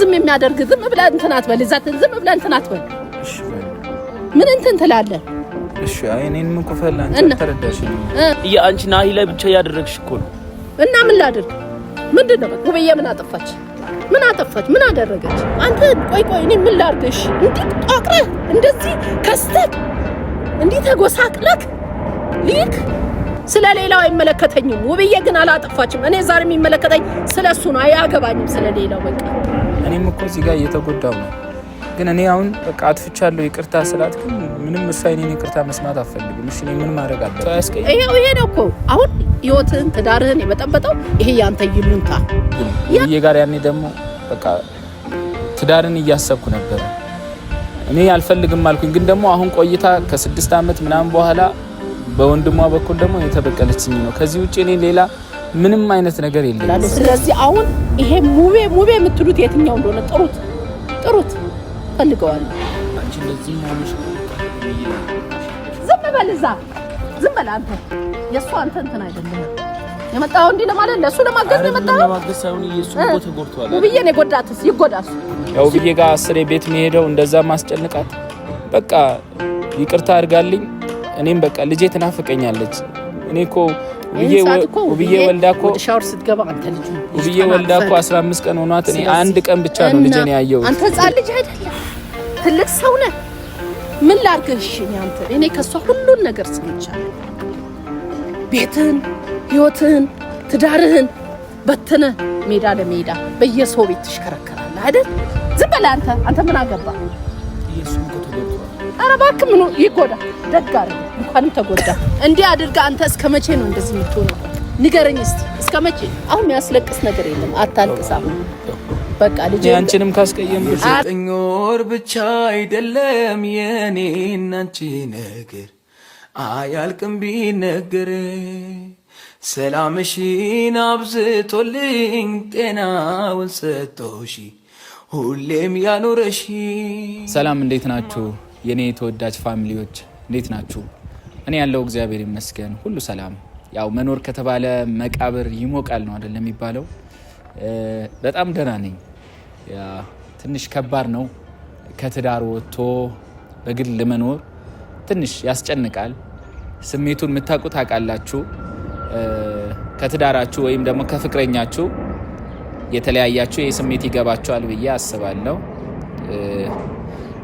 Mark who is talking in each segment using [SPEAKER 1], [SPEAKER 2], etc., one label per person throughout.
[SPEAKER 1] ዝም የሚያደርግ ዝም ብለህ እንትን አትበል፣ እዛ ዝም ብለህ እንትን አትበል። ምን እንትን ትላለህ?
[SPEAKER 2] እሺ እኔንም እኮ አንቺ ናሂ ላይ ብቻ እያደረግሽ እኮ ነው።
[SPEAKER 1] እና ምን ላድርግ? ምንድን ነው ውብዬ? ምን አጠፋች? ምን አጠፋች? ምን አደረገች? አንተ ቆይ ቆይ፣ እኔ ምን ላድርግሽ? እንዲህ ጧቅረህ እንደዚህ ከስተህ እንዲህ ተጎሳቅለክ ሊክ ስለ ሌላው አይመለከተኝም። ውብዬ ግን አላጠፋችም። እኔ ዛሬ የሚመለከተኝ ስለ እሱ ነው። አያገባኝም ስለ ሌላው። በቃ
[SPEAKER 2] እኔም እኮ እዚህ ጋር እየተጎዳው ነው። ግን እኔ አሁን በቃ አጥፍቻለሁ ይቅርታ ስላት ግን ምንም እሷ የእኔን ይቅርታ መስማት አፈልግም። እሺ ምን ማድረግ አለ?
[SPEAKER 1] ይኸው ይሄ ነው እኮ አሁን ህይወትህን ትዳርህን የመጠበጠው ይሄ ያንተ ይሉንታ
[SPEAKER 2] ይሄ ጋር ያኔ ደግሞ በቃ ትዳርን እያሰብኩ ነበር እኔ አልፈልግም አልኩኝ። ግን ደግሞ አሁን ቆይታ ከስድስት ዓመት ምናምን በኋላ በወንድሟ በኩል ደግሞ የተበቀለችኝ ነው። ከዚህ ውጭ እኔ ሌላ ምንም አይነት ነገር
[SPEAKER 1] የለም። ስለዚህ አሁን ይሄ ሙቤ ሙቤ የምትሉት የትኛው እንደሆነ ጥሩት ጥሩት ፈልገዋል። ዝም በል እዛ ዝም በል አንተ። የእሱ አንተ እንትን አይደለም የመጣው እንዲህ ለማለት ለእሱ ለማገዝ
[SPEAKER 2] የመጣው። ለማገዝ ሳይሆን የእሱ እኮ ተጎድቷል።
[SPEAKER 1] ውብዬን የጎዳትስ ይጎዳሱ።
[SPEAKER 2] ያው ውብዬ ጋር አስሬ ቤት መሄደው እንደዛ ማስጨንቃት በቃ ይቅርታ አድርጋልኝ እኔም በቃ ልጄ ትናፍቀኛለች። እኔ እኮ ውብዬ ወልዳ እኮ ውብዬ ወልዳ እኮ 15 ቀን ሆኗት እኔ አንድ ቀን ብቻ ነው ልጄን ያየሁት።
[SPEAKER 1] አንተ ህፃን ልጅ አይደለም ትልቅ ሰው ነህ። ምን እኔ አንተ እኔ ከሷ ሁሉን ነገር ሰምቻለሁ። ቤትህን፣ ህይወትህን፣ ትዳርህን በትነ ሜዳ ለሜዳ በየሰው ቤት ትሽከረከራለህ አይደል? ዝም በላ አንተ አንተ ምን አገባ ኧረ እባክህ ምኑ ይጎዳ? ደጋር እንኳንም ተጎዳ። እንዲህ አድርጋ አንተ እስከ መቼ ነው እንደዚህ የምትሆነው? ንገረኝ እስቲ እስከ መቼ? አሁን ያስለቅስ ነገር የለም። አታልቅስ አሁን
[SPEAKER 2] በቃ ልጅ አንቺንም ካስቀየም ዘጠኝ ወር ብቻ አይደለም የኔ እናንቺ ነገር አያልቅም ቢነገር ሰላምሽን አብዝቶልኝ ጤናውን ሰጥቶሽ ሁሌም ያኖረሽ። ሰላም እንዴት ናችሁ? የእኔ ተወዳጅ ፋሚሊዎች እንዴት ናችሁ? እኔ ያለው እግዚአብሔር ይመስገን ሁሉ ሰላም። ያው መኖር ከተባለ መቃብር ይሞቃል ነው አይደለም የሚባለው። በጣም ደህና ነኝ። ትንሽ ከባድ ነው ከትዳር ወጥቶ በግል መኖር ትንሽ ያስጨንቃል። ስሜቱን የምታውቁ ታውቃላችሁ። ከትዳራችሁ ወይም ደግሞ ከፍቅረኛችሁ የተለያያችሁ ይህ ስሜት ይገባችኋል ብዬ አስባለሁ።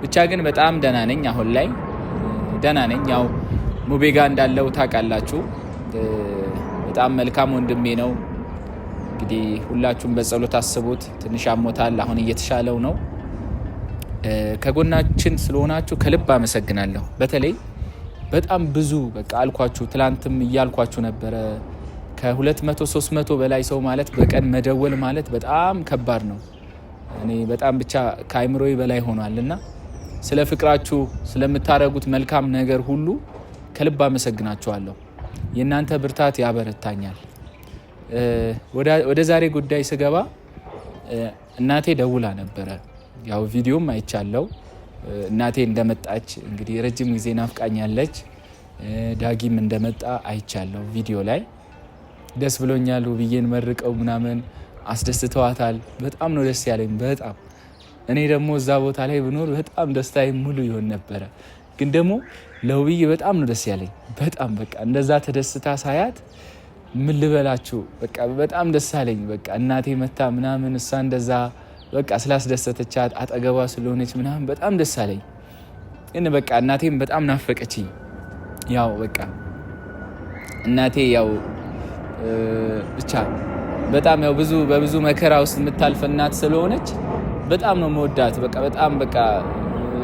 [SPEAKER 2] ብቻ ግን በጣም ደህና ነኝ። አሁን ላይ ደህና ነኝ። ያው ሙቤ እንዳለው ታውቃላችሁ። በጣም መልካም ወንድሜ ነው። እንግዲህ ሁላችሁም በጸሎት አስቡት። ትንሽ አሞታል። አሁን እየተሻለው ነው። ከጎናችን ስለሆናችሁ ከልብ አመሰግናለሁ። በተለይ በጣም ብዙ በቃ አልኳችሁ፣ ትላንትም እያልኳችሁ ነበረ ከ200 300 በላይ ሰው ማለት በቀን መደወል ማለት በጣም ከባድ ነው። እኔ በጣም ብቻ ከአይምሮዬ በላይ ሆኗል እና ስለ ፍቅራችሁ ስለምታደርጉት መልካም ነገር ሁሉ ከልብ አመሰግናችኋለሁ። የእናንተ ብርታት ያበረታኛል። ወደ ዛሬ ጉዳይ ስገባ እናቴ ደውላ ነበረ። ያው ቪዲዮም አይቻለው። እናቴ እንደመጣች እንግዲህ ረጅም ጊዜ ናፍቃኛለች። ዳጊም እንደመጣ አይቻለው ቪዲዮ ላይ ደስ ብሎኛል። ውብዬን መርቀው ምናምን አስደስተዋታል። በጣም ነው ደስ ያለኝ በጣም እኔ ደግሞ እዛ ቦታ ላይ ብኖር በጣም ደስታ ሙሉ ይሆን ነበረ። ግን ደግሞ ለውብዬ በጣም ነው ደስ ያለኝ። በጣም በቃ እንደዛ ተደስታ ሳያት ምን ልበላችሁ፣ በቃ በጣም ደስ አለኝ። በቃ እናቴ መታ ምናምን እሷ እንደዛ በቃ ስላስደሰተቻት አጠገቧ ስለሆነች ምናምን በጣም ደስ አለኝ። ግን በቃ እናቴም በጣም ናፈቀችኝ። ያው በቃ እናቴ ያው ብቻ በጣም ያው ብዙ በብዙ መከራ ውስጥ የምታልፍ እናት ስለሆነች በጣም ነው መወዳት። በቃ በጣም በቃ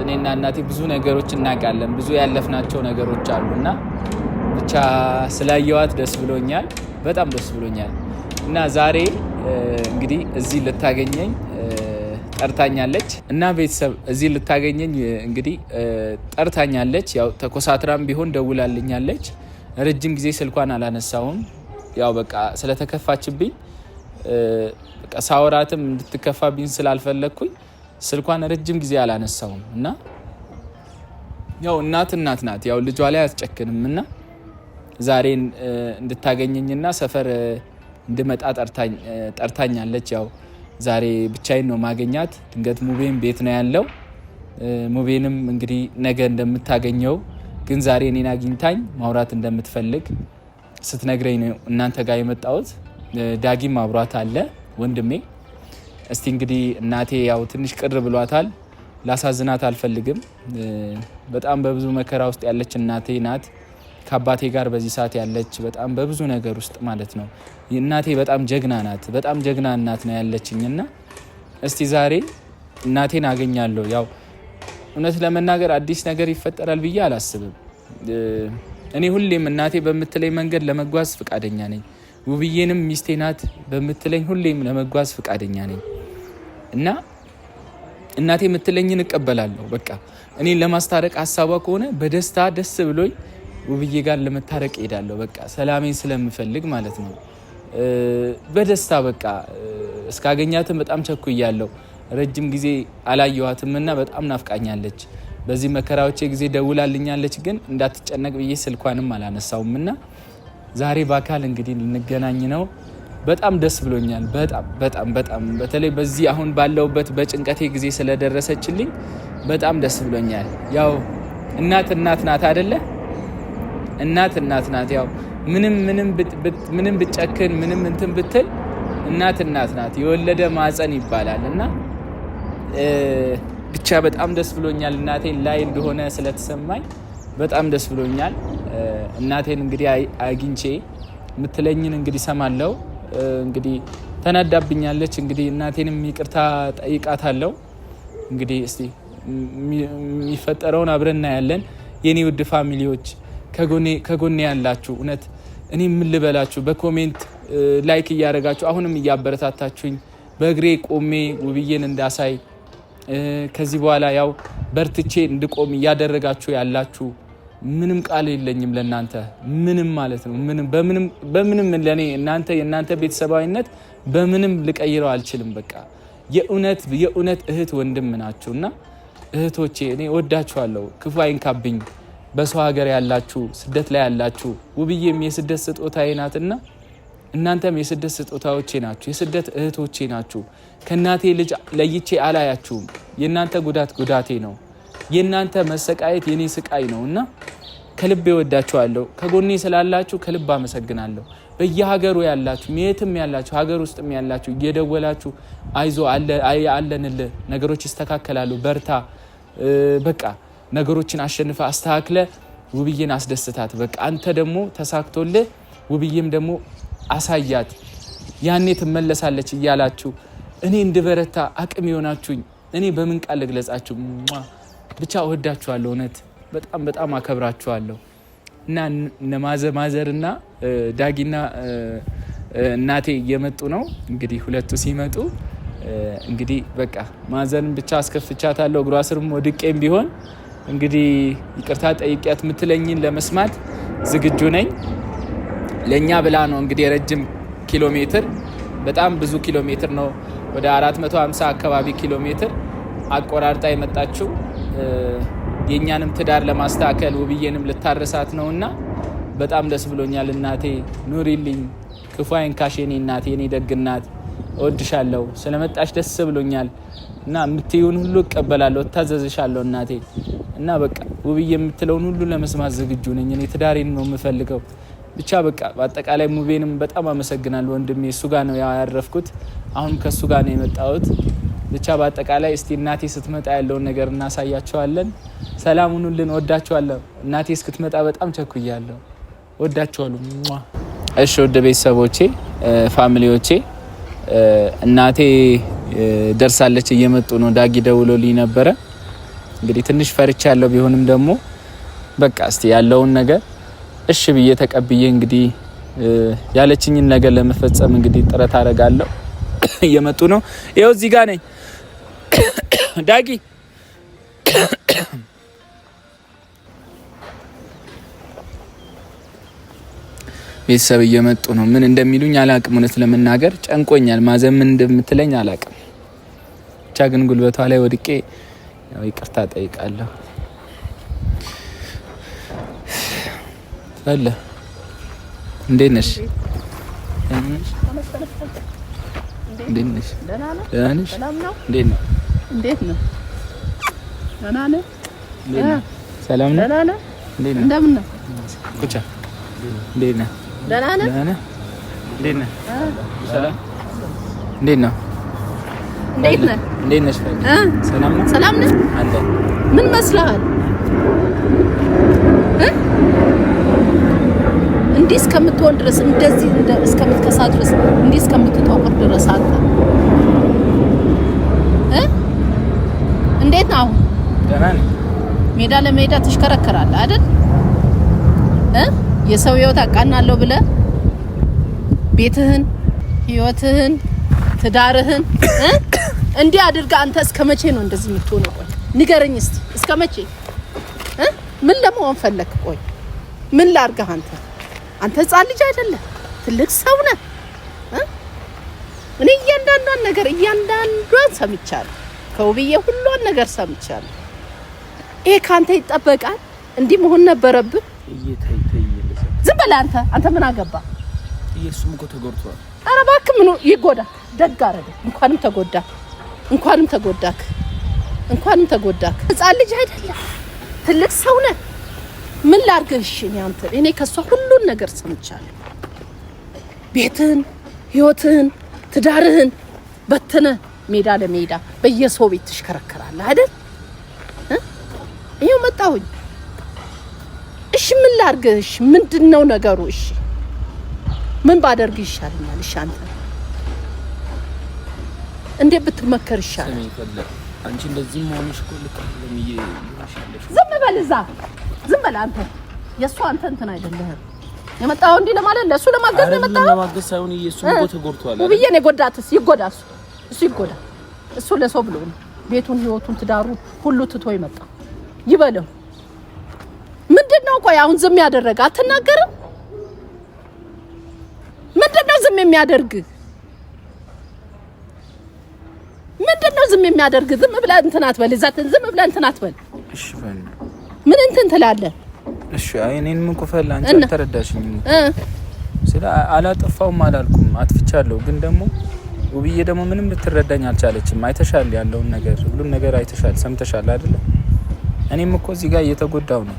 [SPEAKER 2] እኔና እናቴ ብዙ ነገሮች እናውቃለን፣ ብዙ ያለፍናቸው ነገሮች አሉ እና ብቻ ስላየዋት ደስ ብሎኛል፣ በጣም ደስ ብሎኛል። እና ዛሬ እንግዲህ እዚህ ልታገኘኝ ጠርታኛለች እና ቤተሰብ እዚህ ልታገኘኝ እንግዲህ ጠርታኛለች። ያው ተኮሳትራም ቢሆን ደውላልኛለች። ረጅም ጊዜ ስልኳን አላነሳውም። ያው በቃ ስለተከፋችብኝ በቃ ሳወራትም እንድትከፋብኝ ስላልፈለግኩኝ ስልኳን ረጅም ጊዜ አላነሳውም እና ያው እናት እናት ናት። ያው ልጇ ላይ አስጨክንም እና ዛሬን እንድታገኘኝና ሰፈር እንድመጣ ጠርታኛለች። ያው ዛሬ ብቻዬን ነው ማገኛት። ድንገት ሙቤን ቤት ነው ያለው። ሙቤንም እንግዲህ ነገ እንደምታገኘው ግን ዛሬ እኔን አግኝታኝ ማውራት እንደምትፈልግ ስትነግረኝ ነው እናንተ ጋር የመጣሁት። ዳጊም አብሯት አለ። ወንድሜ። እስቲ እንግዲህ እናቴ ያው ትንሽ ቅር ብሏታል። ላሳዝናት አልፈልግም። በጣም በብዙ መከራ ውስጥ ያለች እናቴ ናት። ከአባቴ ጋር በዚህ ሰዓት ያለች በጣም በብዙ ነገር ውስጥ ማለት ነው። እናቴ በጣም ጀግና ናት። በጣም ጀግና እናት ነው ያለችኝ እና እስቲ ዛሬ እናቴን አገኛለሁ። ያው እውነት ለመናገር አዲስ ነገር ይፈጠራል ብዬ አላስብም። እኔ ሁሌም እናቴ በምትለኝ መንገድ ለመጓዝ ፈቃደኛ ነኝ። ውብዬንም ሚስቴ ናት በምትለኝ ሁሌም ለመጓዝ ፍቃደኛ ነኝ እና እናቴ የምትለኝን እቀበላለሁ። በቃ እኔ ለማስታረቅ ሀሳቧ ከሆነ በደስታ ደስ ብሎኝ ውብዬ ጋር ለመታረቅ እሄዳለሁ። በቃ ሰላሜን ስለምፈልግ ማለት ነው። በደስታ በቃ እስካገኛትም በጣም ቸኩያለሁ። ረጅም ጊዜ አላየኋትም እና በጣም ናፍቃኛለች። በዚህ መከራዎቼ ጊዜ ደውላልኛለች፣ ግን እንዳትጨነቅ ብዬ ስልኳንም አላነሳውም እና ዛሬ በአካል እንግዲህ ልንገናኝ ነው። በጣም ደስ ብሎኛል። በጣም በጣም በጣም በተለይ በዚህ አሁን ባለውበት በጭንቀቴ ጊዜ ስለደረሰችልኝ በጣም ደስ ብሎኛል። ያው እናት እናት ናት አደለ? እናት እናት ናት። ያው ምንም ምንም ብጨክን ምንም እንትን ብትል እናት እናት ናት። የወለደ ማፀን ይባላል እና ብቻ በጣም ደስ ብሎኛል እናቴን ላይ እንደሆነ ስለተሰማኝ በጣም ደስ ብሎኛል። እናቴን እንግዲህ አግኝቼ የምትለኝን እንግዲህ ሰማለው። እንግዲህ ተናዳብኛለች። እንግዲህ እናቴንም ይቅርታ ጠይቃታለው። እንግዲህ እስቲ የሚፈጠረውን አብረን እናያለን። የኔ ውድ ፋሚሊዎች ከጎኔ ያላችሁ እውነት እኔ የምልበላችሁ ልበላችሁ፣ በኮሜንት ላይክ እያደረጋችሁ አሁንም እያበረታታችሁኝ በእግሬ ቆሜ ውብዬን እንዳሳይ ከዚህ በኋላ ያው በርትቼ እንድቆም እያደረጋችሁ ያላችሁ ምንም ቃል የለኝም ለእናንተ ምንም ማለት ነው። በምንም ለእኔ እናንተ የእናንተ ቤተሰባዊነት በምንም ልቀይረው አልችልም። በቃ የእውነት የእውነት እህት ወንድም ናችሁ እና እህቶቼ እኔ ወዳችኋለሁ። ክፉ አይንካብኝ። በሰው ሀገር ያላችሁ ስደት ላይ ያላችሁ ውብዬም የስደት ስጦታዬ ናትና እናንተም የስደት ስጦታዎቼ ናችሁ፣ የስደት እህቶቼ ናችሁ። ከእናቴ ልጅ ለይቼ አላያችሁም። የእናንተ ጉዳት ጉዳቴ ነው። የእናንተ መሰቃየት የኔ ስቃይ ነው እና ከልብ ይወዳችኋለሁ። ከጎኔ ስላላችሁ ከልብ አመሰግናለሁ። በየሀገሩ ያላችሁ የትም ያላችሁ ሀገር ውስጥም ያላችሁ እየደወላችሁ አይዞ አለንልህ፣ ነገሮች ይስተካከላሉ፣ በርታ፣ በቃ ነገሮችን አሸንፈ አስተካክለ ውብዬን አስደስታት፣ በቃ አንተ ደግሞ ተሳክቶልህ ውብዬም ደግሞ አሳያት፣ ያኔ ትመለሳለች እያላችሁ እኔ እንድበረታ አቅም የሆናችሁኝ እኔ በምን ቃል ልግለጻችሁ? ብቻ እወዳችኋለሁ። እውነት በጣም በጣም አከብራችኋለሁ እና ማዘርና ዳጊና እናቴ እየመጡ ነው። እንግዲህ ሁለቱ ሲመጡ እንግዲህ በቃ ማዘርን ብቻ አስከፍቻታለሁ። እግሯ ስርም ወድቄም ቢሆን እንግዲህ ይቅርታ ጠይቂያት የምትለኝን ለመስማት ዝግጁ ነኝ። ለእኛ ብላ ነው እንግዲህ የረጅም ኪሎ ሜትር በጣም ብዙ ኪሎ ሜትር ነው፣ ወደ 450 አካባቢ ኪሎ ሜትር አቆራርጣ የመጣችው። የእኛንም ትዳር ለማስተካከል ውብዬንም ልታረሳት እና በጣም ደስ ብሎኛል እናቴ፣ ኑሪልኝ፣ ክፉ አይንካሽ የኔ እናቴ፣ የኔ ደግ እናት፣ እወድሻለሁ። ስለመጣሽ ደስ ብሎኛል እና የምትይውን ሁሉ እቀበላለሁ፣ እታዘዝሻለሁ እናቴ እና በቃ ውብዬ የምትለውን ሁሉ ለመስማት ዝግጁ ነኝ። እኔ ትዳሬን ነው የምፈልገው። ብቻ በቃ በአጠቃላይ ሙቤንም በጣም አመሰግናለሁ ወንድሜ። እሱ ጋር ነው ያረፍኩት። አሁን ከእሱ ጋር ነው የመጣሁት። ብቻ በአጠቃላይ እስቲ እናቴ ስትመጣ ያለውን ነገር እናሳያቸዋለን። ሰላም ልን ወዳቸዋለን። እናቴ እስክትመጣ በጣም ቸኩያለሁ። ወዳቸዋሉ። እሺ ወደ ቤተሰቦቼ፣ ፋሚሊዎቼ እናቴ ደርሳለች፣ እየመጡ ነው። ዳጊ ደውሎልኝ ነበረ። እንግዲህ ትንሽ ፈርቻ ያለው ቢሆንም ደግሞ በቃ እስቲ ያለውን ነገር እሺ ብዬ ተቀብዬ እንግዲህ ያለችኝን ነገር ለመፈጸም እንግዲህ ጥረት አደርጋለሁ። እየመጡ ነው። ይኸው እዚህ ጋር ነኝ ዳጊ። ቤተሰብ እየመጡ ነው። ምን እንደሚሉኝ አላቅም። እውነት ለመናገር ጨንቆኛል። ማዘም ምን እንደምትለኝ አላቅም። ብቻ ግን ጉልበቷ ላይ ወድቄ ያው ይቅርታ ጠይቃለሁ። አለ እንዴት ነሽ? እንዴት ነሽ? ደህና ነሽ? እንዴት ነው?
[SPEAKER 1] እንዴት ነው? ደህና ነህ?
[SPEAKER 2] እንዴት ነህ? ደህና ነህ? እንዴት ነህ? እንደምን ነህ? ቁጫ እንዴት ነህ?
[SPEAKER 1] ደህና ነህ? ደህና ነህ?
[SPEAKER 2] እንዴት ነህ? ሰላም እንዴት ነው? እንዴት ነህ? እንዴት ነሽ? ሰላም ነው? ሰላም ነህ? አለ
[SPEAKER 1] ምን መስለሃል? እንዲህ እስከምትሆን ድረስ እንደዚህ እስከምትከሳ ድረስ እንዲህ እስከምትጠቁር ድረስ አለ። እንዴት ነው አሁን? ሜዳ ለሜዳ ትሽከረከራለህ አይደል? የሰው ህይወት አቃናለሁ ብለህ ቤትህን፣ ህይወትህን፣ ትዳርህን እንዲህ አድርገህ አንተ እስከ መቼ ነው እንደዚህ የምትሆነው? ቆይ ንገረኝ እስቲ እስከ መቼ ምን ለመሆን ፈለክ? ቆይ ምን ላድርገህ አንተ አንተ ህፃን ልጅ አይደለም፣ ትልቅ ሰው ነህ። እኔ እያንዳንዷን ነገር እያንዳንዷን ሰምቻለሁ። ከውብዬ ሁሏን ነገር ሰምቻለሁ። ይሄ ከአንተ ይጠበቃል። እንዲህ መሆን ነበረብህ። ዝም በላ አንተ አንተ ምን አገባ?
[SPEAKER 2] እየሱም እኮ ተጎድቷል።
[SPEAKER 1] ኧረ እባክህ ምኑ ይጎዳ? ደግ አደረገ። እንኳንም ተጎዳ፣ እንኳንም ተጎዳክ፣ እንኳንም ተጎዳክ። ህፃን ልጅ አይደለም፣ ትልቅ ሰው ነህ። ምን ላርግሽ? እኔ አንተ እኔ ከሷ ሁሉን ነገር ሰምቻለሁ። ቤትን፣ ህይወትን፣ ትዳርህን በትነ ሜዳ ለሜዳ በየሰው ቤት ትሽከረከራለህ አይደል? ይኸው መጣሁኝ። እሺ ምን ላርግሽ? ምንድነው ነገሩ? እሺ ምን ባደርግ ይሻለኛል? እሺ አንተ እንዴት ብትመከር ይሻላል?
[SPEAKER 2] አንቺ እንደዚህ መሆንሽ እኮ ልክ
[SPEAKER 1] ዝም በል እዛ ዝም በል አንተ። የእሱ አንተ እንትን አይደለህም የመጣው እንዲህ ለማለት ለእሱ ለማገዝ
[SPEAKER 2] ነው የመጣው። ለማገዝ ሳይሆን እሱ ነው ተጎድቷል።
[SPEAKER 1] አይደል? ነው የጎዳትስ ይጎዳ እሱ እሱ ይጎዳ እሱ ለሰው ብሎ ነው ቤቱን፣ ህይወቱን፣ ትዳሩ ሁሉ ትቶ ይመጣ ይበለው። ምንድነው ቆይ አሁን ዝም ያደረገ አትናገርም? ምንድነው ዝም የሚያደርግ? ምንድነው ዝም የሚያደርግ? ዝም ብለህ እንትን አትበል፣ እዛ ዝም ብለህ እንትን አትበል። እሺ በል ምን እንትን ትላለህ?
[SPEAKER 2] እሺ እኔን ምን ኩፈል አንቺ አልተረዳሽኝም። ስለ አላጠፋውም አላልኩም፣ አጥፍቻለሁ። ግን ደግሞ ውብዬ ደግሞ ምንም ልትረዳኝ አልቻለችም። አይተሻል፣ ያለውን ነገር ሁሉም ነገር አይተሻል፣ ሰምተሻል አይደለ? እኔም እኮ እዚህ ጋር እየተጎዳው ነው።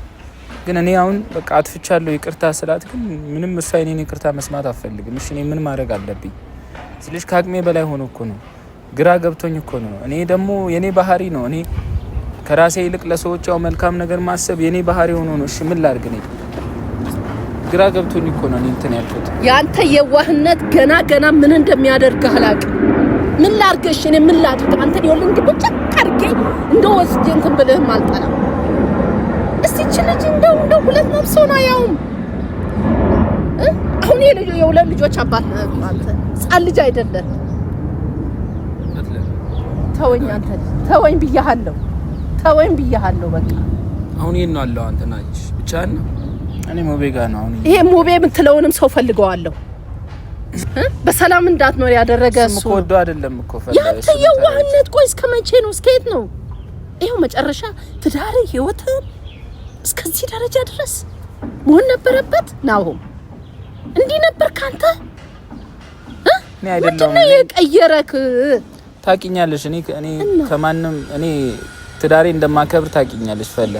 [SPEAKER 2] ግን እኔ አሁን በቃ አጥፍቻለሁ ይቅርታ ስላት፣ ግን ምንም እሷ የኔን ይቅርታ መስማት አፈልግም። እሺ እኔ ምን ማድረግ አለብኝ ስልሽ ከአቅሜ በላይ ሆኖ እኮ ነው፣ ግራ ገብቶኝ እኮ ነው። እኔ ደግሞ የኔ ባህሪ ነው እኔ ከራሴ ይልቅ ለሰዎች መልካም ነገር ማሰብ የኔ ባህሪ ሆኖ ነው። እሺ ምን ላድርግ? ነኝ ግራ ገብቶኝ እኮ ነው እንትን ያልኩት።
[SPEAKER 1] ያንተ የዋህነት ገና ገና ምን እንደሚያደርግ አላቅ። ምን ላድርግሽ? እኔ ምን ላድርግ? አንተ ይወል እንግዲህ ብቻ አድርጌ እንደው ወስጄ እንትን ብልህም አልጠላም። እስቲ እቺ ልጅ እንደው እንደው ሁለት ነፍስ ሆና ያውም አሁን የሁለት ልጆች አባት አንተ ጻል ልጅ አይደለም። ተወኝ አንተ ተወኝ ብያሃለሁ። ተወይም ብያሃለሁ። በቃ
[SPEAKER 2] አሁን ይሄን ነው አለው። አንተ ናች ብቻ ነው እኔ ሙቤ ጋር ነው አሁን።
[SPEAKER 1] ይሄ ሙቤ የምትለውንም ሰው ፈልገዋለሁ። በሰላም እንዳትኖር ያደረገ እሱ ነው
[SPEAKER 2] ወዶ አይደለም እኮ
[SPEAKER 1] ፈልገው ያንተ የዋህነት። ቆይ እስከ መቼ ነው? እስከ የት ነው? ይሄው መጨረሻ ትዳር ህይወት እስከዚህ ደረጃ ድረስ መሆን ነበረበት። ናሁም እንዲህ ነበር ካንተ ምንድን ነው የቀየረክ?
[SPEAKER 2] ታውቂኛለሽ እኔ እኔ ከማንም እኔ ትዳሬ እንደማከብር ታቂኛለች። ፈለ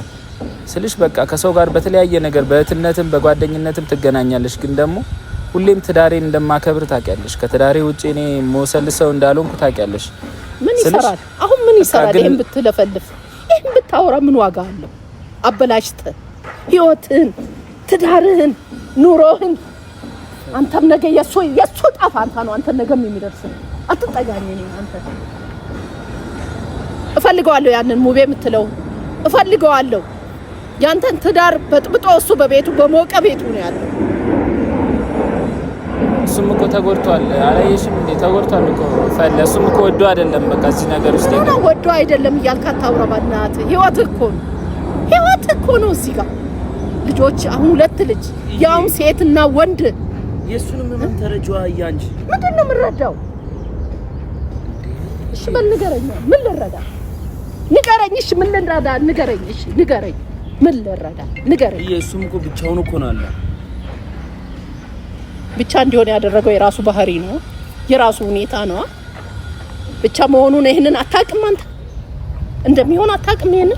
[SPEAKER 2] ስልሽ በቃ ከሰው ጋር በተለያየ ነገር በእህትነትም በጓደኝነትም ትገናኛለሽ፣ ግን ደግሞ ሁሌም ትዳሬን እንደማከብር ታቂያለሽ። ከትዳሬ ውጭ እኔ መውሰል ሰው እንዳልሆንኩ ታቂያለሽ።
[SPEAKER 1] ምን ይሰራል አሁን? ምን ይሰራል? ይህን ብትለፈልፍ፣ ይህን ብታወራ ምን ዋጋ አለው? አበላሽተ ህይወትህን፣ ትዳርህን፣ ኑሮህን አንተም ነገ የሱ የሱ ጣፋ አንተ ነው። አንተ ነገም የሚደርስ አትጠጋኝ። አንተ እፈልገዋለሁ ያንን ሙቤ የምትለው እፈልገዋለሁ። ያንተን ትዳር በጥብጦ እሱ በቤቱ በሞቀ ቤቱ ነው ያለው።
[SPEAKER 2] እሱም እኮ ተጎድቷል። አላየሽም እንዴ? ተጎድቷል እኮ ፈለ። እሱም እኮ ወዶ አይደለም። በቃ እዚህ ነገር ውስጥ
[SPEAKER 1] ነው ወዶ አይደለም እያልክ አታውራ። በእናትህ ህይወት እኮ ነው ህይወት እኮ ነው። እዚህ ጋር ልጆች፣ አሁን ሁለት ልጅ ያውም ሴትና ወንድ።
[SPEAKER 2] የእሱንም ምን ተረጃ እያንጂ
[SPEAKER 1] ምንድን ነው የምንረዳው? እሺ በል ንገረኛ፣ ምን ልረዳ ንገረኝ። እሺ ምን ልረዳ? ንገረኝ። እሺ ንገረኝ። ምን ልረዳ? ንገረኝ።
[SPEAKER 2] እሱም እኮ ብቻውን እኮ ነው አለ።
[SPEAKER 1] ብቻ እንዲሆን ያደረገው የራሱ ባህሪ ነው፣ የራሱ ሁኔታ ነው። ብቻ መሆኑን ይህንን አታውቅም አንተ እንደሚሆን አታውቅም። ይሄን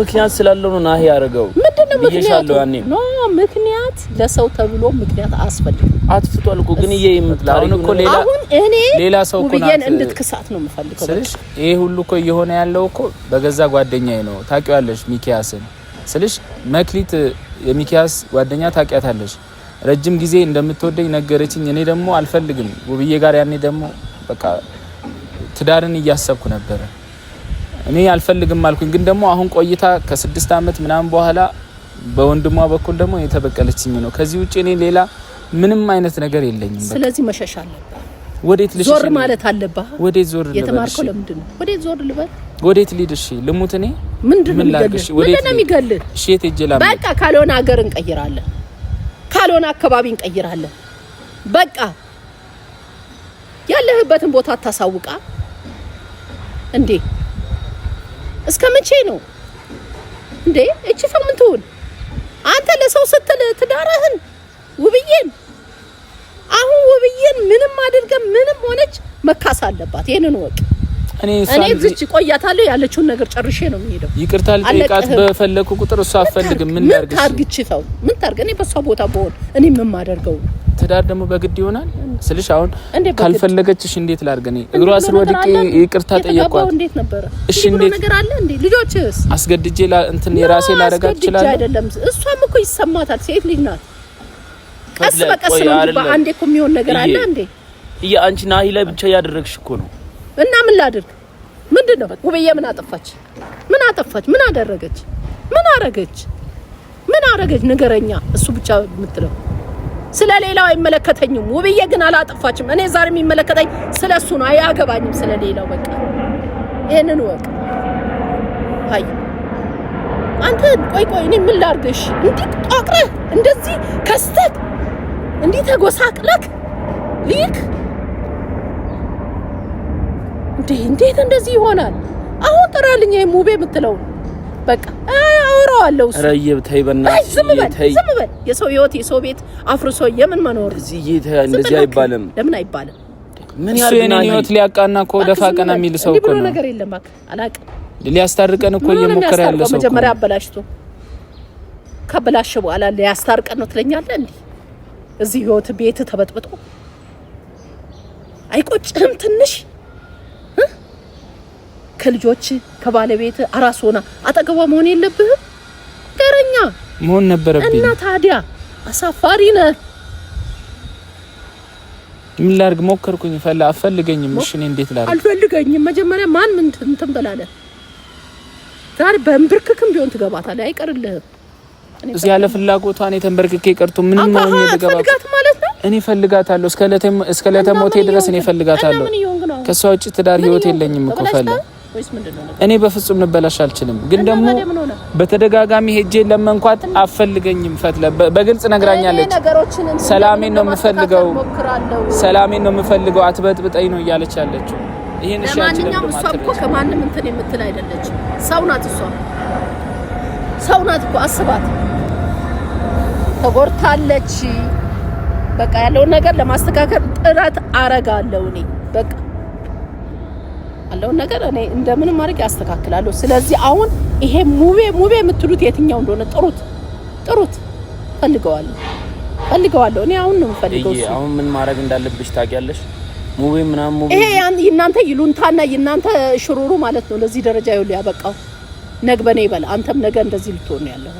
[SPEAKER 2] ምክንያት ስላለው ነው ናሂ ያደረገው።
[SPEAKER 1] ምንድነው ምክንያቱ? ኖ ምክንያት ለሰው ተብሎ ምክንያት አስፈልግ
[SPEAKER 2] አትፍቷል እኮ ግን ይሄ የምትታሪኩ እኮ
[SPEAKER 1] ሌላ አሁን እኔ ሌላ ሰው እኮ ነው እንድትክሳት ነው የምፈልገው።
[SPEAKER 2] ስልሽ ይሄ ሁሉ እኮ እየሆነ ያለው እኮ በገዛ ጓደኛዬ ነው። ታውቂዋለሽ ሚኪያስን ስልሽ መክሊት የሚኪያስ ጓደኛ ታውቂያታለሽ። ረጅም ጊዜ እንደምትወደኝ ነገረችኝ። እኔ ደግሞ አልፈልግም ውብዬ ጋር ያኔ ደግሞ በቃ ትዳርን እያሰብኩ ነበረ። እኔ አልፈልግም አልኩኝ። ግን ደግሞ አሁን ቆይታ ከስድስት አመት ምናምን በኋላ በወንድሟ በኩል ደግሞ የተበቀለችኝ ነው። ከዚህ ውጭ እኔ ሌላ ምንም አይነት ነገር የለኝም።
[SPEAKER 1] ስለዚህ መሸሽ አለብህ። ወዴት ልሽ ዞር ማለት አለብህ። ወዴት ዞር ልበል? የተማርከው ለምንድን ነው? ወዴት ዞር ልበል?
[SPEAKER 2] ወዴት ሊድ? እሺ ልሙት? እኔ
[SPEAKER 1] ምንድን ነው የሚገልህ? ምንድን ነው የሚገልህ?
[SPEAKER 2] እሺ የት ሄጄ ላምጣ?
[SPEAKER 1] በቃ ካልሆነ ሀገር እንቀይራለን፣ ካልሆነ አካባቢ እንቀይራለን። በቃ ያለህበትን ቦታ አታሳውቃ እንዴ እስከ መቼ ነው እንዴ? እቺ ፈምን ትሁን አንተ ለሰው ስትል ትዳርህን ውብዬን አሁን ውብዬን ምንም አድርገ ምንም ሆነች መካስ አለባት። ይሄንን ወቅ እኔ እዚህ ቆያታለሁ ያለችውን ነገር ጨርሼ ነው የሚሄደው።
[SPEAKER 2] ይቅርታ ልጠይቃት በፈለኩ ቁጥር እሷ አፈልግም።
[SPEAKER 1] ምን ታርግ? ምን ታርግ? እቺ ምን ታርግ? እኔ በሷ ቦታ በሆን እኔ ምን ማደርገው
[SPEAKER 2] ትዳር ደግሞ በግድ ይሆናል ስልሽ አሁን ካልፈለገች ካልፈለገችሽ እንዴት ላድርግ? እኔ እግሯ ስር ወድቄ ይቅርታ ጠየቅኳት። እሺ እንዴት
[SPEAKER 1] ነገር አለ እንዴ? ልጆችስ
[SPEAKER 2] አስገድጄ እንትን የራሴ ላደርጋት ይችላል።
[SPEAKER 1] አይደለም እሷም እኮ ይሰማታል። ሴት ልጅ ናት። ቀስ በቀስ ነው በአንዴ እኮ የሚሆን ነገር አለ እንዴ?
[SPEAKER 2] እያ አንቺ ናሂ ላይ ብቻ እያደረግሽ እኮ ነው።
[SPEAKER 1] እና ምን ላድርግ? ምንድን ነው ውብዬ? ምን አጠፋች? ምን አጠፋች? ምን አደረገች? ምን አረገች? ምን አረገች? ንገረኛ። እሱ ብቻ የምትለው ስለ ሌላው አይመለከተኝም። ውብዬ ግን አላጠፋችም። እኔ ዛሬ የሚመለከተኝ ስለ እሱ ነው። አያገባኝም ስለ ሌላው። በቃ ይህንን ወቅ አይ አንተ ቆይ ቆይ፣ እኔ ምን ላርግሽ? እንዴት ጣቅረህ እንደዚህ ከስተት እንዴት ተጎሳቅለክ ሊክ እንዴ! እንዴት እንደዚህ ይሆናል? አሁን ጥራልኝ ይሄ ሙቤ የምትለው በቃ እኖረዋለሁ። እሱ
[SPEAKER 2] ረየብ ተይ፣ በእናትሽ
[SPEAKER 1] ዝም በል ዝም በል። የሰው ህይወት የሰው ቤት አፍርሶ የምን መኖር
[SPEAKER 2] እዚህ ይተ እንደዚህ አይባልም። ለምን አይባልም? ምን ያህል የኔን ህይወት ሊያቃና እኮ ደፋ ቀና የሚል ሰው እኮ ነው።
[SPEAKER 1] ነገር የለም እባክህ፣ አላውቅም።
[SPEAKER 2] ሊያስታርቀን እኮ
[SPEAKER 1] እየሞከረ ያለ ሰው መጀመሪያ አበላሽቶ ከበላሽ በኋላ ሊያስታርቀን ነው ትለኛለህ? እንዴ? እዚህ ህይወት ቤት ተበጥብጦ አይቆጭህም ትንሽ ከልጆች ከባለቤት አራስ ሆና አጠገቧ መሆን የለብህም። ነገረኛ
[SPEAKER 2] መሆን ነበረብኝ
[SPEAKER 1] እና ታዲያ አሳፋሪ ነህ።
[SPEAKER 2] ምን ላድርግ ሞከርኩኝ። ፈላ አፈልገኝም። እሺ እኔ እንዴት ላድርግ?
[SPEAKER 1] አልፈልገኝም። መጀመሪያ ማን ምን እንትን ብላለህ? ዛሬ በእንብርክክም ቢሆን ትገባታለህ፣ አይቀርልህም።
[SPEAKER 2] እዚህ ያለ ፍላጎቷ እኔ ተንበርክኬ ቀርቶ ምንም
[SPEAKER 1] ነው የምትገባት ማለት ነው።
[SPEAKER 2] እኔ ፈልጋታለሁ፣ እስከ ለተ ሞቴ ድረስ እኔ ፈልጋታለሁ። ከሷ ውጭ ትዳር ህይወት የለኝም እኮ ፈላ እኔ በፍጹም ልበላሽ አልችልም። ግን ደግሞ በተደጋጋሚ ሄጄ ለመንኳት አፈልገኝም ፈትለ በግልጽ ነግራኛለች። ሰላሜን ነው የምፈልገው፣ ሰላሜን ነው የምፈልገው፣ አትበጥብጠኝ ነው እያለች ያለችው።
[SPEAKER 1] ይሄን እሺ ለማንኛውም እሷ እኮ ከማንም እንትን የምትል አይደለች። ሰው ናት፣ እሷ ሰው ናት እኮ አስባት። ተጎድታለች። በቃ ያለውን ነገር ለማስተካከል ጥረት አረጋለሁ እኔ በቃ ያለውን ነገር እኔ እንደምንም አድርጌ አስተካክላለሁ። ስለዚህ አሁን ይሄ ሙቤ ሙቤ የምትሉት የትኛው እንደሆነ ጥሩት ጥሩት፣ ፈልገዋለሁ ፈልገዋለሁ። እኔ አሁን ነው የምፈልገው።
[SPEAKER 2] አሁን ምን ማድረግ እንዳለብሽ ታውቂያለሽ። ሙቤ ምናምን ሙቤ
[SPEAKER 1] ይሄ የእናንተ ይሉንታና የእናንተ ሽሩሩ ማለት ነው ለዚህ ደረጃ ይሉ ያበቃው። ነግ በኔ ይበል። አንተም ነገ እንደዚህ ልትሆን ነው ያለው።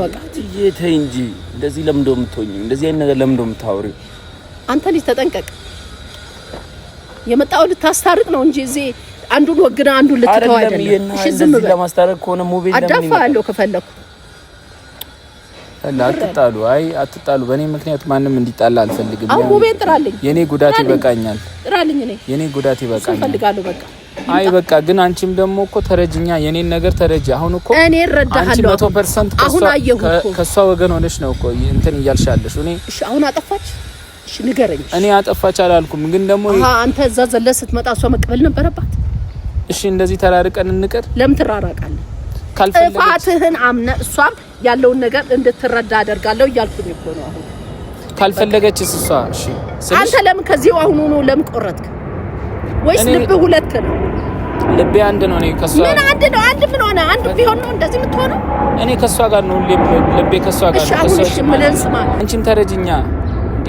[SPEAKER 2] ወቃት ይሄ ተይ እንጂ እንደዚህ ለምዶ የምትሆኚ እንደዚህ አይነት ነገር ለምዶ የምታወሪው
[SPEAKER 1] አንተ ልጅ ተጠንቀቅ። የመጣው ልታስታርቅ ነው እንጂ እዚህ አንዱን ወግና አንዱን ልትተው
[SPEAKER 2] አይደለም። እሺ ዝም ብለ ለማስታረቅ ከሆነ ሞቤል
[SPEAKER 1] አዳፋ አለው ከፈለኩ
[SPEAKER 2] እና አትጣሉ። አይ አትጣሉ። በእኔ ምክንያት ማንም እንዲጣላ አልፈልግም።
[SPEAKER 1] አሁን ሞቤል ጥራልኝ።
[SPEAKER 2] የኔ ጉዳት ይበቃኛል። ጥራልኝ። እኔ የኔ ጉዳት
[SPEAKER 1] ይበቃኛል ፈልጋለሁ በቃ
[SPEAKER 2] አይ በቃ ግን አንቺም ደግሞ እኮ ተረጅኛ የኔን ነገር ተረጅ። አሁን እኮ
[SPEAKER 1] እኔ እረዳሃለሁ።
[SPEAKER 2] መቶ ፐርሰንት ከእሷ ወገን ሆነሽ ነው እኮ እንትን እያልሻለሽ። እኔ
[SPEAKER 1] እሺ አሁን አጠፋች ንገረኝ።
[SPEAKER 2] እኔ አጠፋች አላልኩም፣ ግን ደግሞ
[SPEAKER 1] አንተ እዛ ዘለ ስትመጣ እሷ መቀበል ነበረባት።
[SPEAKER 2] እሺ እንደዚህ ተራርቀን እንቅር።
[SPEAKER 1] ለምን ትራራቃለህ? ጥፋትህን አምነ እሷም ያለውን ነገር እንድትረዳ አደርጋለሁ እያልኩኝ እኮ ነው። አሁን
[SPEAKER 2] ካልፈለገችስ እሷ?
[SPEAKER 1] እሺ አንተ ለምን ከዚህ አሁን ነው ለምን ቆረጥክ? ወይስ ልብ ሁለት ነው?
[SPEAKER 2] ልቤ አንድ ነው። እኔ ከሷ
[SPEAKER 1] ምን አንድ ነው? አንድ ምን ሆነ? አንድ ቢሆን ነው እንደዚህ የምትሆነው።
[SPEAKER 2] እኔ ከሷ ጋር ነው ልቤ፣ ከሷ ጋር
[SPEAKER 1] ነው። እሺ አሁን እሺ፣ ምን እንስማ።
[SPEAKER 2] አንቺም ተረጅኛ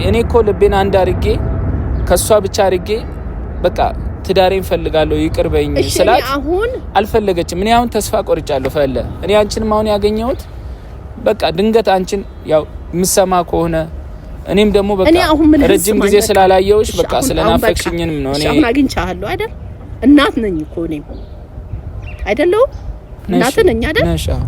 [SPEAKER 2] እኔ እኮ ልቤን አንድ አርጌ ከእሷ ብቻ አርጌ በቃ ትዳሬ እንፈልጋለሁ ይቅር በኝ ስላት አልፈለገችም። እኔ አሁን ተስፋ ቆርጫለሁ። ፈለ እኔ አንቺንም አሁን ያገኘሁት በቃ ድንገት አንቺን ያው የምሰማ ከሆነ እኔም ደግሞ በቃ ረጅም ጊዜ ስላላየሁሽ በቃ ስለናፈቅሽኝንም
[SPEAKER 1] ነው እኔ አግኝቻለሁ አይደል? እናት ነኝ እኮ እኔም አይደለሁም እናትን እኛ አይደል?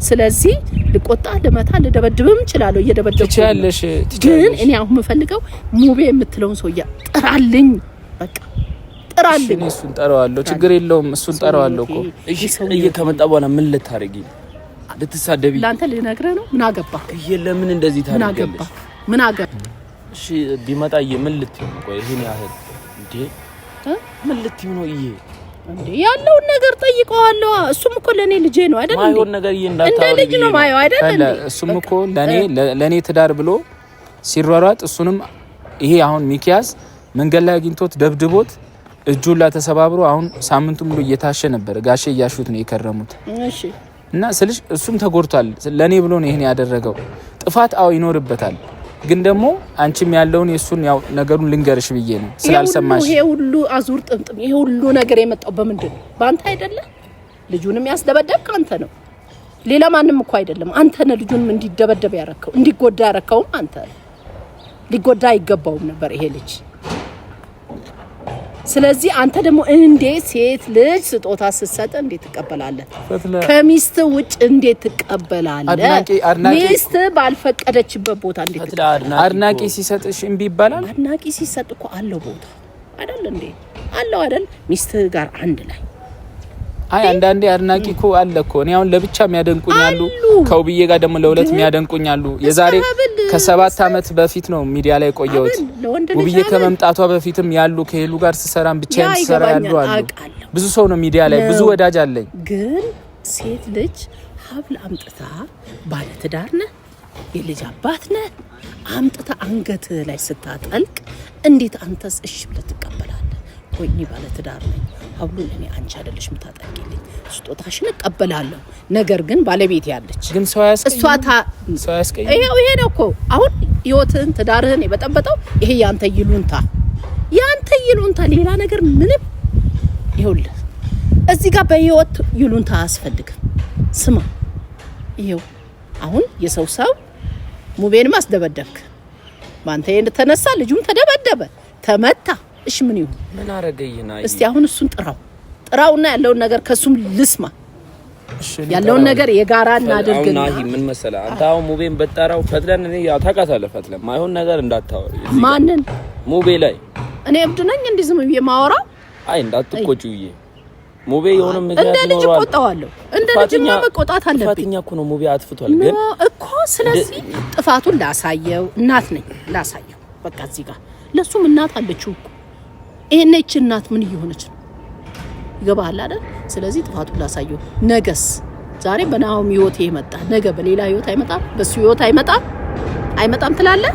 [SPEAKER 1] ስለዚህ ልቆጣ፣ ልመታ፣ ልደበድብም እችላለሁ። እየደበደብኩ ትችላለሽ። ግን እኔ አሁን የምፈልገው ሙቤ የምትለውን ሰውዬ ጥራልኝ፣ በቃ
[SPEAKER 2] ጥራልኝ። እሱን ጠራዋለሁ፣ ችግር የለውም። እሱን ጠራዋለሁ እኮ። እሺ፣ እየ ከመጣ በኋላ ምን ልታረጊ? ልትሳደቢ?
[SPEAKER 1] ለአንተ ልነግርህ ነው። ምን አገባ
[SPEAKER 2] እየ? ለምን እንደዚህ
[SPEAKER 1] ታደርጊያለሽ? ምን አገባ?
[SPEAKER 2] እሺ፣ ቢመጣ እየ ምን ልትሆን? ቆይ ይሄን ያህል እንዴ? ምን ልትሆን ነው እየ
[SPEAKER 1] ያለውን ነገር ጠይቀዋለሁ። እሱም እኮ ለኔ ልጄ ነው
[SPEAKER 2] አይደል? ማይሆን ነገር
[SPEAKER 1] እንደ ልጅ ነው ማየው
[SPEAKER 2] አይደል? እሱም እኮ ለኔ ለኔ ትዳር ብሎ ሲሯሯጥ እሱንም ይሄ አሁን ሚኪያስ መንገድ ላይ አግኝቶት ደብድቦት እጁን ላይ ተሰባብሮ አሁን ሳምንቱ ሙሉ እየታሸ ነበር። ጋሼ እያሹት ነው የከረሙት። እሺ እና ስልሽ እሱም ተጎድቷል። ለኔ ብሎ ነው ይሄን ያደረገው። ጥፋት አዎ ይኖርበታል። ግን ደግሞ አንቺም ያለውን የእሱን ያው ነገሩን ልንገርሽ ብዬ ነው ስላልሰማሽ።
[SPEAKER 1] ይሄ ሁሉ አዙር ጥምጥም፣ ይሄ ሁሉ ነገር የመጣው በምንድን ነው? በአንተ አይደለም። ልጁንም ያስደበደብክ አንተ ነው፣ ሌላ ማንም እኮ አይደለም። አንተ ነህ ልጁንም እንዲደበደብ ያረከው፣ እንዲጎዳ ያረከውም አንተ ነው። ሊጎዳ አይገባውም ነበር ይሄ ልጅ ስለዚህ አንተ ደግሞ እንዴ ሴት ልጅ ስጦታ ስትሰጥ እንዴት ትቀበላለህ? ከሚስት ውጭ እንዴት ትቀበላለህ? ሚስት ባልፈቀደችበት ቦታ
[SPEAKER 2] እንዴት አድናቂ ሲሰጥሽ እምቢ ይባላል?
[SPEAKER 1] አድናቂ ሲሰጥ እኮ አለው ቦታ አይደል እንዴ? አለው አይደል? ሚስት ጋር አንድ ላይ
[SPEAKER 2] አይ አንዳንዴ አድናቂ እኮ አለ እኮ እኔ አሁን ለብቻ የሚያደንቁኝ አሉ፣ ከውብዬ ጋር ደግሞ ለሁለት የሚያደንቁኝ አሉ። የዛሬ ከሰባት አመት በፊት ነው ሚዲያ ላይ ቆየሁት። ውብዬ ከመምጣቷ በፊትም ያሉ ከሄሉ ጋር ስሰራም ብቻ ስሰራ ያሉ አሉ። ብዙ ሰው ነው ሚዲያ ላይ ብዙ ወዳጅ አለኝ።
[SPEAKER 1] ግን ሴት ልጅ ሀብል አምጥታ ባለትዳር ነህ የልጅ አባት ነህ አምጥታ አንገት ላይ ስታጠልቅ እንዴት አንተስ እሺ ብለህ ትቀበላለህ? ወይኔ ባለትዳር ነኝ አሁን እኔ አንቺ አይደለሽ የምታጠቂልኝ፣ ስጦታሽን እቀበላለሁ። ነገር ግን ባለቤት ያለች ግን ሰው ያስቀይ ይሄው ይሄ ነው እኮ አሁን ህይወትህን ትዳርህን የበጠበጠው ይሄ ያንተ ይሉንታ፣ ያንተ ይሉንታ፣ ሌላ ነገር ምንም። ይኸውልህ እዚህ ጋር በህይወት ይሉንታ አያስፈልግም። ስማ ይሄው አሁን የሰው ሰው ሙቤንም አስደበደብክ። ማንተ የተነሳ ልጁም ተደበደበ፣ ተመታ። እሺ ምን ይሁን? ምን አረገይና? እስቲ አሁን እሱን ጥራው ጥራውና ያለውን ነገር ከሱም ልስማ። ያለውን ነገር የጋራ እናድርግ። ናሂ ምን መሰለ፣ አንተ አሁን ሙቤን በጠራው ፈጥለን እኔ ያው ታውቃታለህ፣ ፈትለን ማይሆን ነገር እንዳታወሪ። ማንን? ሙቤ ላይ እኔ እብድ ነኝ እንዲህ ዝም ብዬ ማወራ? አይ እንዳትቆጪ ብዬ ሙቤ የሆነ ምክንያት እንደ ልጅ እቆጣዋለሁ። እንደ ልጅ ነው መቆጣት አለብኝ። ጥፋተኛ እኮ ነው ሙቤ አጥፍቷል፣ ግን እኮ ስለዚህ ጥፋቱን ላሳየው እናት ነኝ ላሳየው። በቃ እዚህ ጋር ለሱም እናት አለችው እኮ ይሄን እቺ እናት ምን እየሆነች ነው? ይገባሃል አይደል? ስለዚህ ጥፋቱን ላሳየው። ነገስ ዛሬ በናሆም ህይወት ይመጣ፣ ነገ በሌላ ህይወት አይመጣም፣ በሱ ህይወት አይመጣም፣ አይመጣም ትላለህ።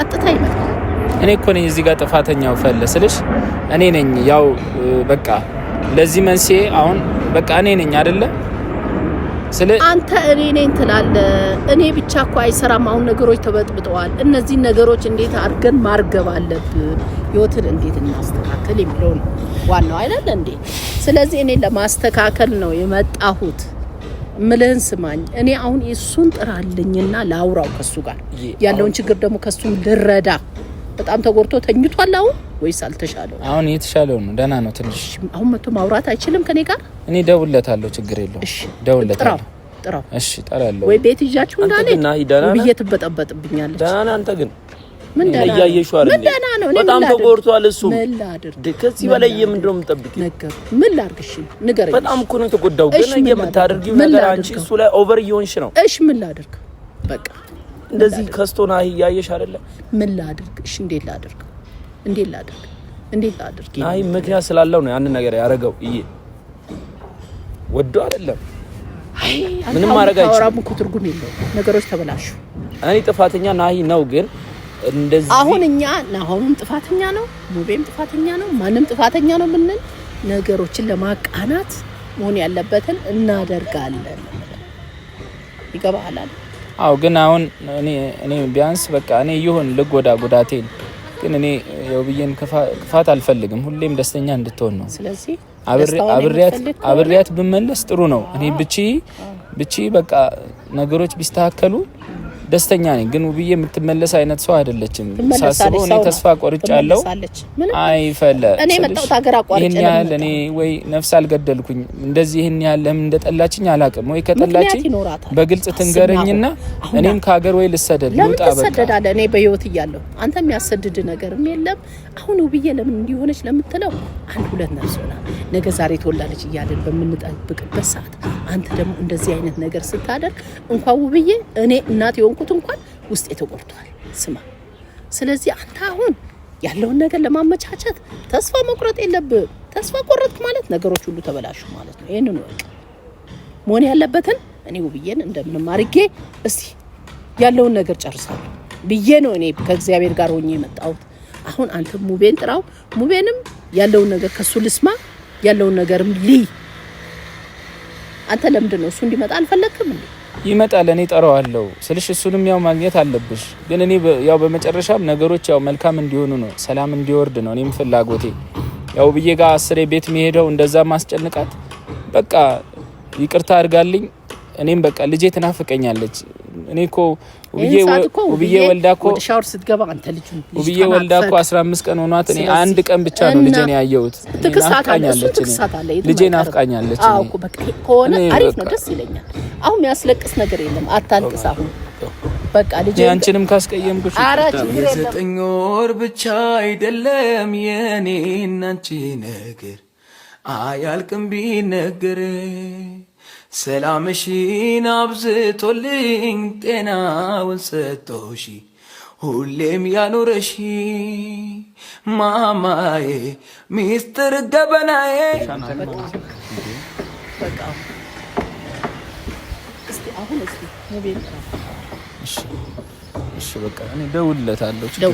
[SPEAKER 1] ቀጥታ ይመጣል። እኔ እኮ ነኝ እዚህ ጋር ጥፋተኛው ፈለ እኔ ነኝ። ያው በቃ ለዚህ መንስኤ አሁን በቃ እኔ ነኝ አይደለ አንተ እኔ ነኝ ትላለህ። እኔ ብቻ እኮ አይሰራም። አሁን ነገሮች ተበጥብጠዋል። እነዚህን ነገሮች እንዴት አድርገን ማርገብ አለብን፣ ህይወትን እንዴት እናስተካከል የሚለው ዋናው አይደል እንዴ? ስለዚህ እኔ ለማስተካከል ነው የመጣሁት። ምልህን ስማኝ። እኔ አሁን እሱን ጥራልኝና ላውራው ከሱ ጋር ያለውን ችግር ደግሞ ከሱ ልረዳ። በጣም ተጎድቶ ተኝቷል አሁን ወይስ አልተሻለው? አሁን የተሻለው ነው፣ ደህና ነው። ትንሽ አሁን መቶ ማውራት አይችልም ከኔ ጋር። እኔ ደውለታለሁ፣ ችግር የለውም። ደውለታለሁ። ጥራው። እሺ፣ እጠራለሁ። ወይ ቤት ይዣችሁ እንዳለ ብዬ ትበጠበጥብኛለች። ደህና ነህ አንተ ግን ምን ደህና ነው? በጣም ተጎድቷል እሱ። ከዚህ በላይ የምንድነው የምጠብቂው? ምን ላድርግ? እሺ ንገረኝ። በጣም እኮ ነው የተጎዳው፣ ግን የምታደርጊው ነገር አንቺ እሱ ላይ ኦቨር እየሆንሽ ነው። እሺ ምን ላድርግ? በቃ እንደዚህ ከስቶና እያየሽ አይደለም። ምን ላድርግ? እሺ እንዴት ላድርግ? እንዴት ላድርግ እንዴት ላድርግ? አይ ምክንያት ስላለው ነው ያንን ነገር ያደረገው። እዬ ወዶ አይደለም አይ ምንም ማድረግ አይችልም እኮ ትርጉም የለው። ነገሮች ተበላሹ። እኔ ጥፋተኛ ናሂ ነው፣ ግን እንደዚህ አሁን እኛ ናሆኑም ጥፋተኛ ነው፣ ሙቤም ጥፋተኛ ነው፣ ማንም ጥፋተኛ ነው የምንል ነገሮችን ለማቃናት መሆን ያለበትን እናደርጋለን። ይገባሃል? አዎ ግን አሁን እኔ ቢያንስ በቃ እኔ ይሁን ልጎዳ ጉዳቴን ግን እኔ የውብዬን ክፋት አልፈልግም። ሁሌም ደስተኛ እንድትሆን ነው። ስለዚህ አብሬያት ብመለስ ጥሩ ነው። እኔ ብቺ ብቺ በቃ ነገሮች ቢስተካከሉ ደስተኛ ነኝ። ግን ውብዬ የምትመለስ አይነት ሰው አይደለችም። ሳስበው እኔ ተስፋ ቆርጭ ያለው አይፈለ ይህን ያህል እኔ ወይ ነፍስ አልገደልኩኝ እንደዚህ ይህን ያህል ለምን እንደጠላችኝ አላቅም። ወይ ከጠላችኝ በግልጽ ትንገረኝና እኔም ከሀገር ወይ ልሰደድ ልውጣ። በቃ እኔ በህይወት እያለሁ አንተ የሚያሰድድ ነገርም የለም። አሁን ውብዬ ለምን እንዲሆነች ለምትለው አንድ ሁለት ነፍስ ሆና ነገ ዛሬ ትወላለች እያለን በምንጠብቅበት ሰዓት አንተ ደግሞ እንደዚህ አይነት ነገር ስታደርግ እንኳን ውብዬ እኔ እናት የሆን ያልኩት እንኳን ውስጤ ተጎድቷል። ስማ፣ ስለዚህ አንተ አሁን ያለውን ነገር ለማመቻቸት ተስፋ መቁረጥ የለብህም። ተስፋ ቆረጥክ ማለት ነገሮች ሁሉ ተበላሹ ማለት ነው። ይህንን ወቅ መሆን ያለበትን እኔ ውብዬን እንደምንም አድርጌ እስቲ ያለውን ነገር ጨርሳለሁ ብዬ ነው እኔ ከእግዚአብሔር ጋር ሆኜ የመጣሁት። አሁን አንተ ሙቤን ጥራው፣ ሙቤንም ያለውን ነገር ከሱ ልስማ፣ ያለውን ነገርም ልይ። አንተ ለምንድን ነው እሱ እንዲመጣ አልፈለግክም እንዴ? ይመጣል እኔ ጠራዋለሁ ስልሽ እሱንም ያው ማግኘት አለብሽ። ግን እኔ ያው በመጨረሻም ነገሮች ያው መልካም እንዲሆኑ ነው፣ ሰላም እንዲወርድ ነው እኔም ፍላጎቴ። ያው ብዬ ጋር አስሬ ቤት መሄደው እንደዛ ማስጨንቃት በቃ ይቅርታ አድርጋልኝ እኔም በቃ ልጄ ትናፍቀኛለች። እኔ እኮ ውብዬ ወልዳ እኮ ሻወር ስትገባ አንተ ልጅ ውብዬ ወልዳ እኮ አስራ ቀን ሆኗት። እኔ አንድ ቀን ብቻ ነው ልጄን ያየሁት። ናፍቃኛለች፣ ልጄ ናፍቃኛለች። ከሆነ አሪፍ ነው፣ ደስ ይለኛል። አሁን ነገር የለም። አታልቅስ አሁን በቃ አንቺንም ካስቀየምኩሽ የዘጠኝ ወር ብቻ አይደለም የኔ እናንቺ ነገር አያልቅም ቢነገር ሰላምሽን አብዝቶልኝ ጤናውን ሰጥቶሽ ሁሌም ያኑረሽ ማማዬ ሚስጥር ገበናዬ። እሺ በቃ እኔ ደውልለታለሁ።